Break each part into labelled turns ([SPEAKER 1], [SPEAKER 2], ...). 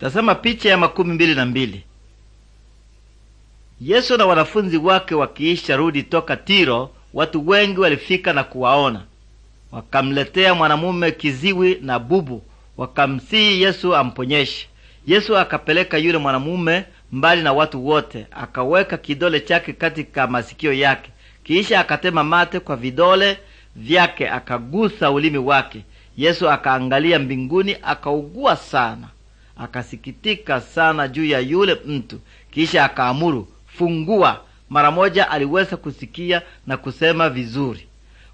[SPEAKER 1] Tazama picha ya makumi mbili na mbili. Yesu na wanafunzi wake wakiisha rudi toka Tiro, watu wengi walifika na kuwaona. Wakamletea mwanamume kiziwi na bubu, wakamsihi Yesu amponyeshe. Yesu akapeleka yule mwanamume mbali na watu wote, akaweka kidole chake katika masikio yake, kisha akatema mate kwa vidole vyake, akagusa ulimi wake. Yesu akaangalia mbinguni, akaugua sana. Akasikitika sana juu ya yule mtu, kisha akaamuru, fungua. Mara moja aliweza kusikia na kusema vizuri.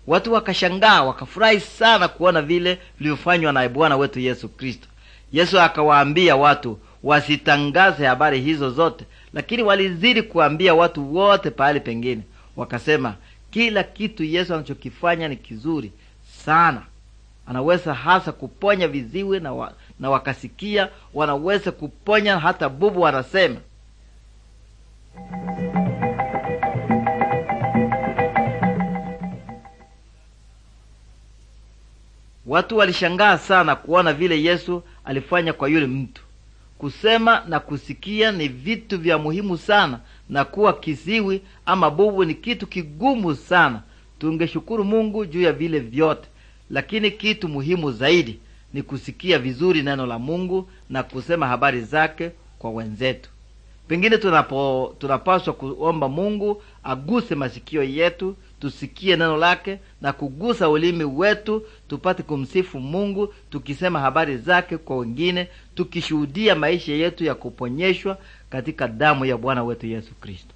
[SPEAKER 1] Watu wakashangaa, wakafurahi sana kuona vile vilivyofanywa na Bwana wetu Yesu Kristo. Yesu akawaambia watu wasitangaze habari hizo zote, lakini walizidi kuambia watu wote pahali pengine. Wakasema kila kitu Yesu anachokifanya ni kizuri sana, anaweza hasa kuponya viziwi na, wa, na wakasikia, wanaweza kuponya hata bubu, wanasema Watu walishangaa sana kuona vile Yesu alifanya kwa yule mtu. Kusema na kusikia ni vitu vya muhimu sana, na kuwa kiziwi ama bubu ni kitu kigumu sana. Tungeshukuru Mungu juu ya vile vyote, lakini kitu muhimu zaidi ni kusikia vizuri neno la Mungu na kusema habari zake kwa wenzetu. Pengine tunapo, tunapaswa kuomba Mungu aguse masikio yetu tusikie neno lake na kugusa ulimi wetu tupate kumsifu Mungu tukisema habari zake kwa wengine, tukishuhudia maisha yetu ya kuponyeshwa katika damu ya Bwana wetu Yesu Kristo.